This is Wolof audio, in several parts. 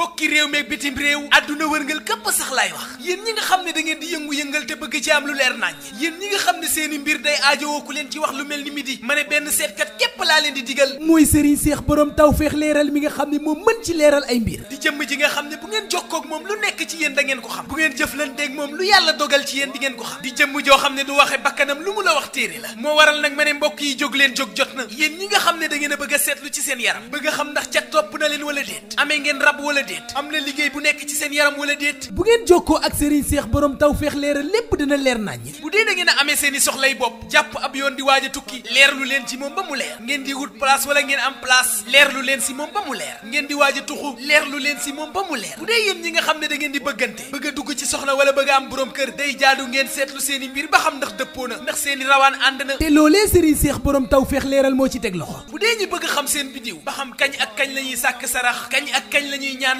mbokki réew meeg bitim réew adduna wërngal képp sax laay wax yéen ñi nga xam ne da ngeen di yëngu-yëngal te bëgg ci am lu leer nañ yéen ñi nga xam ne seeni mbir day aajowoo ku leen ci wax lu mel ni midi ma ne benn seetkat képp laa leen di digal mooy sëriñ seex borom tawfeex leeral mi nga xam ne moom mën ci leeral ay mbir di jëmm ji nga xam ne bu ngeen jokkoog moom lu nekk ci yéen da ko xam bu ngeen jëflanteeg moom lu yàlla dogal ci yéen di ngeen ko xam di jëmm joo xam ne du waxe bakkanam lu mu wax téere la moo waral nag ma ne leen jóg jot na yéen ñi nga xam ne da ngeen a bëgg seetlu ci seen yaram bëgg a xam ndax ca topp na leen wala déet amee déet am na liggéey bu nekk ci seen yaram wala déet bu ngeen jokkoo ak Serigne Seex borom taw feex leeral lépp dina leer naññ bu dee da ngeen a amee seen i soxlay bopp jàpp ab yoon di waaja a tukki leerlu leen ci moom ba mu leer ngeen di wut place wala ngeen am place leerlu leen si moom ba mu leer ngeen di waaja a tuxu leerlu leen si moom ba mu leer bu dee yéen ñi nga xam ne da ngeen di bëggante bëgg a dugg ci soxna wala bëgg a am borom kër day jaadu ngeen seetlu seen i mbir ba xam ndax dëppoo na ndax seen i rawaan ànd na te loolee Serigne taw feex leeral moo ci teg loxo bu dee xam seen bidiw ba xam kañ ak kañ la ñuy sàkk sarax kañ ak kañ la ñuy ñaan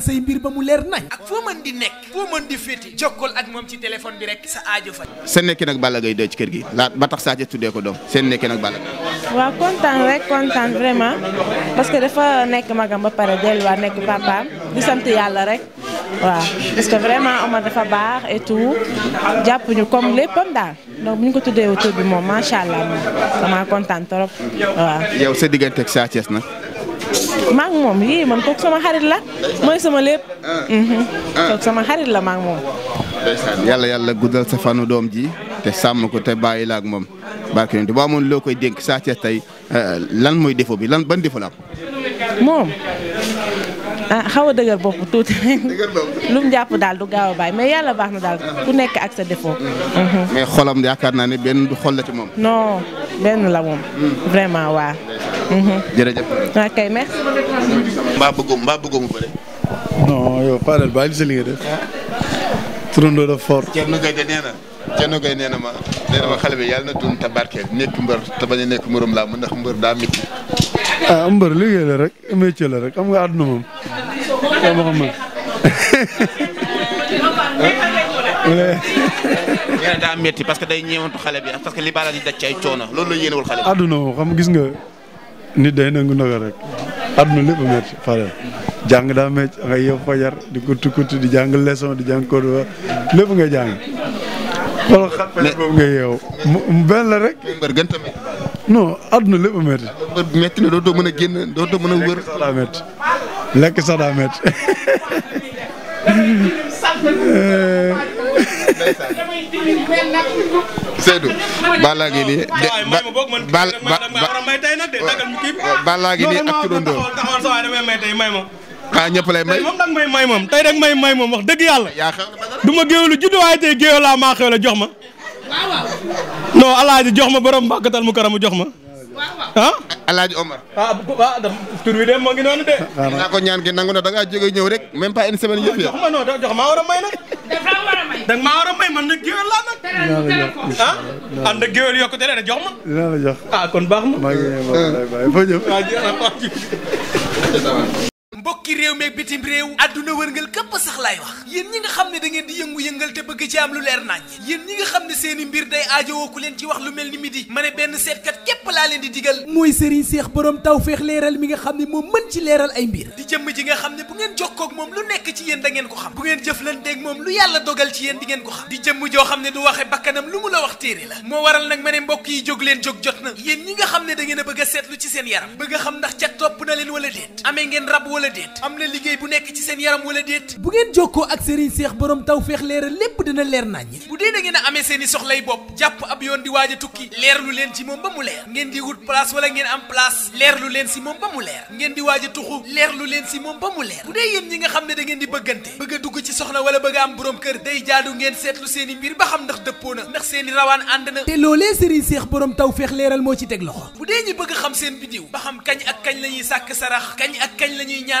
leeral say mbir ba mu leer nañ. ak foo mën di nekk. foo mën di féete. jokkool ak moom ci téléphone bi rek sa aajo fa. seen nekkin ak Balla Gaye 2 ci kër gi laa ba tax Sa Thiès tuddee ko doom seen nekki ak Balla Gaye. waaw kontaan rek kontaan vraiment parce que dafa nekk magam ba pare delluwaat nekk papaam di sant yàlla rek. waaw parce que vraiment Omar dafa baax et tout jàpp ñu comme léppam daal donc bu ñu ko tuddee wu tur bi moom macha allah moom damaa kontaan trop waaw. yow sa diggante ak Sa maak moom yii man kooku sama xarit la mooy sama lépp. Ah. kooku sama xarit la maak moom. yàlla yàlla guddal sa fanu doom ji te sàmm ko te bàyyi la ak moom barke nañu te boo loo koy dénk saa tey euh, lan mooy défaut bi lan ban défaut la am. moom ah xaw a dëgër bopp tuuti lu mu jàpp daal du gaaw a bàyyi mais yàlla baax na daal ku nekk ak sa défaut. Mm-hmm. Mm-hmm. mais xolam yaakaar naa ne benn du xol la ci moom. non benn la moom. Mm. vraiment waa. Mm-hmm. jërëjëf. ok merci. mbaa bëggoo mbaa bëggoo mu bëre. non yow Fadel bàyyi sa li nga def. turandoo dafa fort. Thierno Gueye nee na. Thierno Gueye nee na ma nee na ma xale bi yàlla na dund te barkeel nekk mbër te bañ a nekk mbërum laa mu ndax mbër daa métti. ah mbër liggéey la rek métier la rek xam nga moom xam nga que day ñeewantu xale parce que li ay coono moom xam gis nga nit day nangu ndogal rek àdduna lépp a métti fare jàng daa métti nga yeew fajar di kutti kutti di jàng leçon di jàng code nga jàng. wala xat nga yeew benn la rek. non àdduna lépp a métti. métti métti na dootoo mën a génn dootoo mën a wër. lekk sax daa métti lekk sax daa ak turandoo. ah ñëpp lay may moom danga may may may moom dëgg yàlla. du ma géewlu waaye tey géewlaa maa xew la jox ma. non alaaji jox ma borom mbàkkatal mu karamu jox ma. ah. alaaji Omar. ah, ah tur wi de moo ngi noonu ñaan gi nangu na da ngaa jóge ñëw rek même pas une semaine yëpp jox ma non a may nag. dafa war a may. da nga maa war a may man nag géwél laa nag. ah ànd ma. dinaa la jox ah kon baax na. maa ngi ñëw maa ngi lay mbokki réew meeg bitim réew adduna wërngal këpp sax laay wax yéen ñi nga xam ne da ngeen di yëngu-yëngal te bëgg ci am lu leer nañ yéen ñi nga xam ne seeni mbir day aajowoo ku leen ci wax lu mel ni midi ma ne benn seetkat képp laa leen di digal mooy sëriñ seex borom tawfeex leeral mi nga xam ne moom mën ci leeral ay mbir di jëmm ji nga xam ne bu ngeen jokkoo ak moom lu nekk ci yéen da ko xam bu ngeen jëflanteeg moom lu yàlla dogal ci yéen di ngeen ko xam di jëmm joo xam ne du waxe bakkanam lu mu la wax téere la moo ma ne mbokk yi leen jóg jot na yéen ñi nga xam ne da ngeen a ci seen yaram bëgg a xam ndax topp na leen wala déet amee déet am na liggéey bu nekk ci seen yaram wala déet bu ngeen jokkoo ak Serigne Seex borom taw feex leeral lépp dina leer naññ bu dee da ngeen a amee seen i soxlay bopp jàpp ab yoon di waaj tukki leerlu leen ci moom ba mu leer ngeen di wut place wala ngeen am place leerlu leen si moom ba mu leer ngeen di waaj tuxu leerlu leen si moom ba mu leer bu dee yéen ñi nga xam ne da ngeen di bëggante bëgg a dugg ci soxna wala bëgg a am borom kër day jaadu ngeen seetlu seen i ba xam ndax dëppoo na ndax na te loolee Serigne Seex borom taw feex leeral moo ci teg loxo bu dee ñi bëgg xam seen xam kañ ak kañ la ñuy sàkk sarax kañ ak la ñuy ñaan